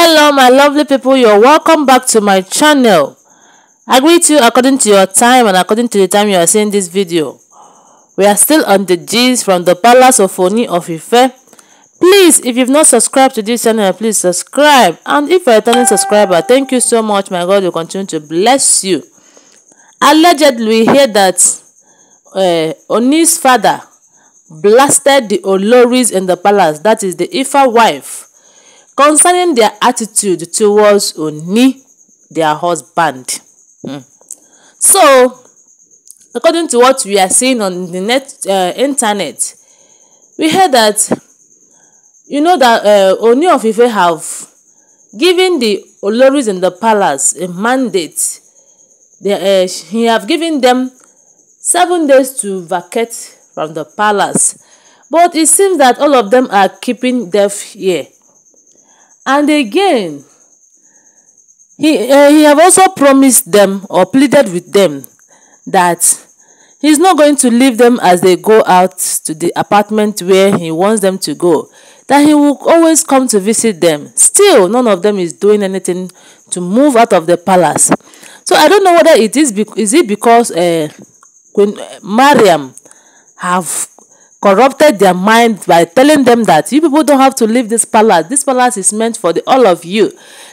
hello my lovely people you're welcome back to my channel i greet you according to your time and according to the time you are seeing this video we are still on the g's from the palace of oni of ife please if you've not subscribed to this channel please subscribe and if you're a returning subscriber thank you so much my god will continue to bless you allegedly we hear that uh, oni's father blasted the oloris in the palace that is the ifa wife concerning their attitude towards Oni, their husband. Mm. So, according to what we are seeing on the net uh, internet, we heard that you know that uh, Oni of Ife have given the Oloris in the palace a mandate. They, uh, he have given them seven days to vacate from the palace. But it seems that all of them are keeping deaf here. And again, he, uh, he have also promised them or pleaded with them that he's not going to leave them as they go out to the apartment where he wants them to go, that he will always come to visit them. Still, none of them is doing anything to move out of the palace. So I don't know whether it is, is it because uh, Queen eh, Mariam have corrupted their mind by telling them that you people don't have to leave this palace. This palace is meant for the, all of you.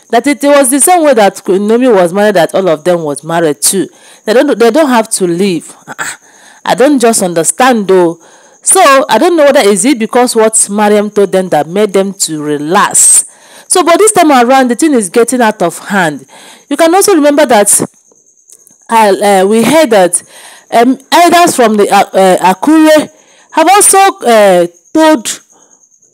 That it, it was the same way that Nomi was married, that all of them was married too. They don't, they don't have to leave. Uh-uh. I don't just understand though. So I don't know whether is it because what Mariam told them that made them to relax. So but this time around, the thing is getting out of hand. You can also remember that uh, uh, we heard that um, elders from the uh, uh Akure have also uh, told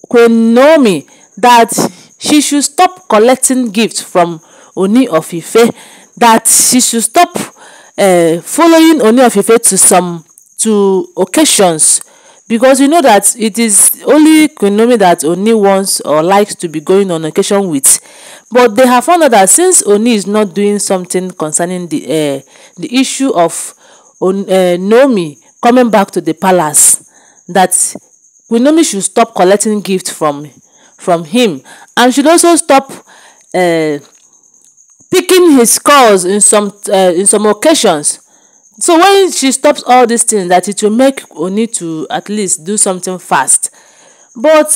Queen Naomi that she should stop collecting gifts from Oni of Ife, that she should stop uh, following Oni of Ife to some to occasions because you know that it is only Queen Naomi that Oni wants or likes to be going on occasion with. But they have found out that since Oni is not doing something concerning the uh, the issue of On uh, coming back to the palace, that Wunmi should stop collecting gifts from, from him and should also stop uh, picking his calls in some, uh, in some occasions. So when she stops all these things, that it will make Oni to at least do something fast. But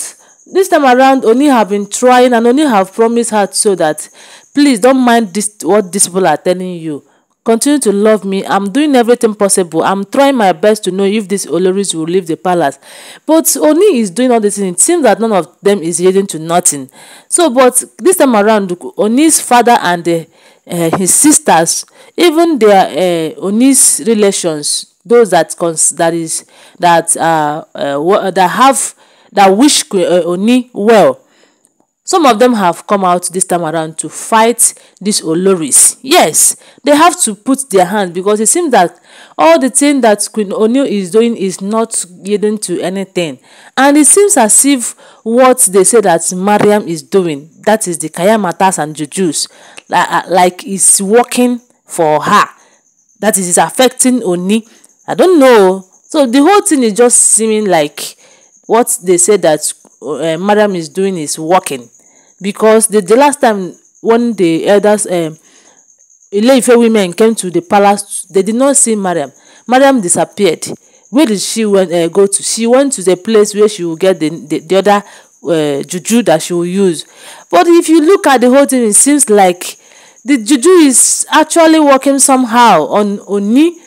this time around, Oni have been trying and Oni have promised her so that please don't mind this what these people are telling you continue to love me i'm doing everything possible i'm trying my best to know if these oloris will leave the palace but oni is doing all this things it seems that none of them is leading to nothing so but this time around oni's father and uh, uh, his sisters even their uh, oni's relations those that cons that is that uh, uh, that have that wish uh, oni well Some of them have come out this time around to fight these Oloris. Yes, they have to put their hand because it seems that all the thing that Queen O'Neill is doing is not leading to anything. And it seems as if what they say that Mariam is doing, that is the Kayamatas and Jujus, like, like is working for her. That is, it's affecting Oni. I don't know. So the whole thing is just seeming like what they say that uh, Mariam is doing is working because the, the last time when the elders um, Ileife women came to the palace, they did not see Mariam. Mariam disappeared. Where did she went, uh, go to? She went to the place where she will get the, the, the other uh, juju that she will use. But if you look at the whole thing, it seems like the juju is actually working somehow on Oni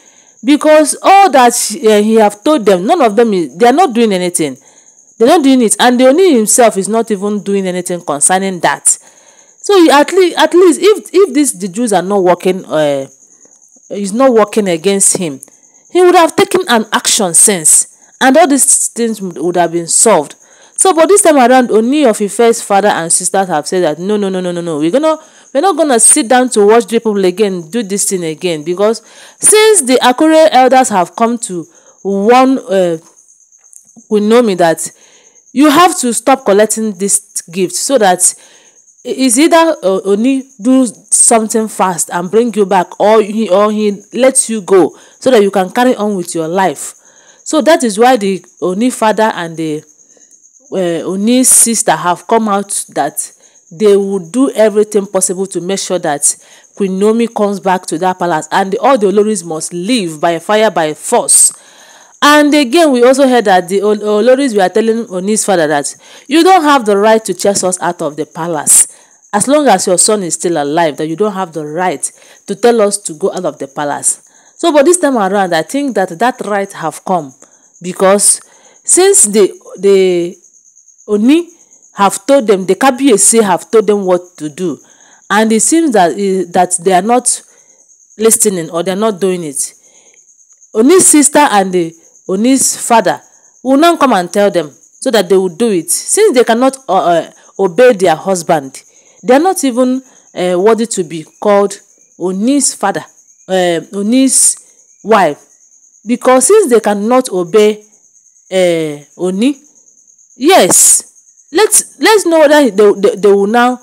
because all that she, uh, he have told them, none of them, is, they are not doing anything they're not doing it and the only himself is not even doing anything concerning that so at least at least if if this the jews are not working uh is not working against him he would have taken an action since and all these things would have been solved so but this time around only of first father and sisters have said that no no no no no no we're gonna we're not gonna sit down to watch the people again do this thing again because since the Akure elders have come to warn uh, me that you have to stop collecting this gift so that is either uh, do something fast and bring you back or he or he lets you go so that you can carry on with your life so that is why the Oni father and the uh, Oni sister have come out that they will do everything possible to make sure that Queen Nomi comes back to that palace and all the Oloris must leave by fire by force And again, we also heard that the Oloris were telling Oni's father that you don't have the right to chase us out of the palace. As long as your son is still alive, that you don't have the right to tell us to go out of the palace. So, but this time around, I think that that right have come because since the the Oni have told them, the Kabiyesi have told them what to do, and it seems that eh, that they are not listening or they are not doing it. Oni's sister and the Oni's father, will now come and tell them so that they will do it. Since they cannot uh, uh, obey their husband, they are not even uh, worthy to be called Oni's father, uh, Oni's wife. Because since they cannot obey uh, Oni, yes, let's, let's know whether they, they, they will now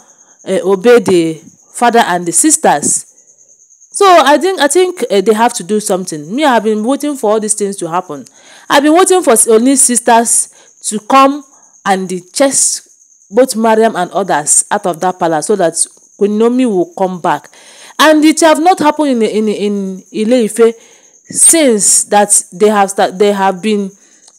uh, obey the father and the sisters. So I think I think uh, they have to do something. Me, I've been waiting for all these things to happen. I've been waiting for only sisters to come and the chase both Mariam and others out of that palace so that Queen Naomi will come back. And it have not happened in in in ile since that they have that they have been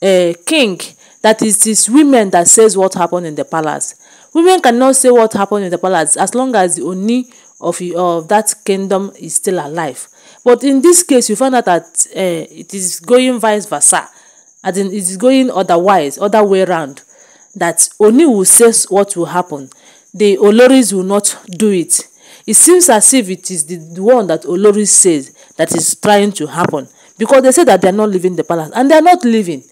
a eh, king. That is these women that says what happened in the palace. Women cannot say what happened in the palace as long as the Oni of, of that kingdom is still alive. But in this case, you find out that uh, it is going vice versa. As in, it is going otherwise, other way round. That Oni will say what will happen. The Oloris will not do it. It seems as if it is the, the one that Olori says that is trying to happen. Because they say that they are not leaving the palace. And they are not leaving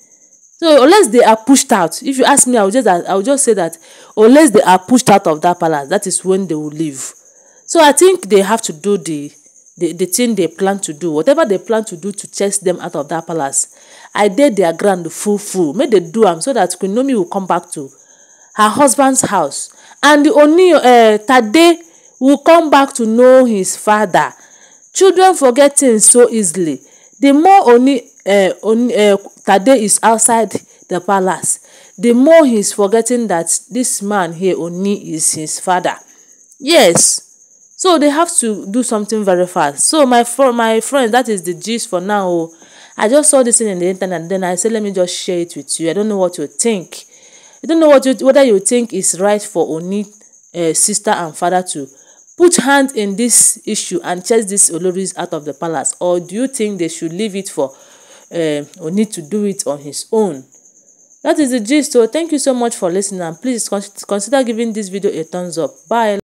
so unless they are pushed out if you ask me i will just i will just say that unless they are pushed out of that palace that is when they will leave so i think they have to do the the the thing they plan to do whatever they plan to do to chase them out of that palace i dare their ground full full make they do am so that queen naomi will come back to her husband's house and the oni uh, tade will come back to know his father children forget things so easily the more oni Uh, on uh, Tade is outside the palace, the more he's forgetting that this man here Oni is his father. Yes. So they have to do something very fast. So my fr my friend, that is the gist for now. I just saw this thing in the internet, then I said, let me just share it with you. I don't know what you think. I don't know what you, whether you think is right for Oni, uh, sister and father to put hand in this issue and chase this Oloris out of the palace, or do you think they should leave it for um or need to do it on his own. That is the gist so thank you so much for listening and please consider giving this video a thumbs up. Bye.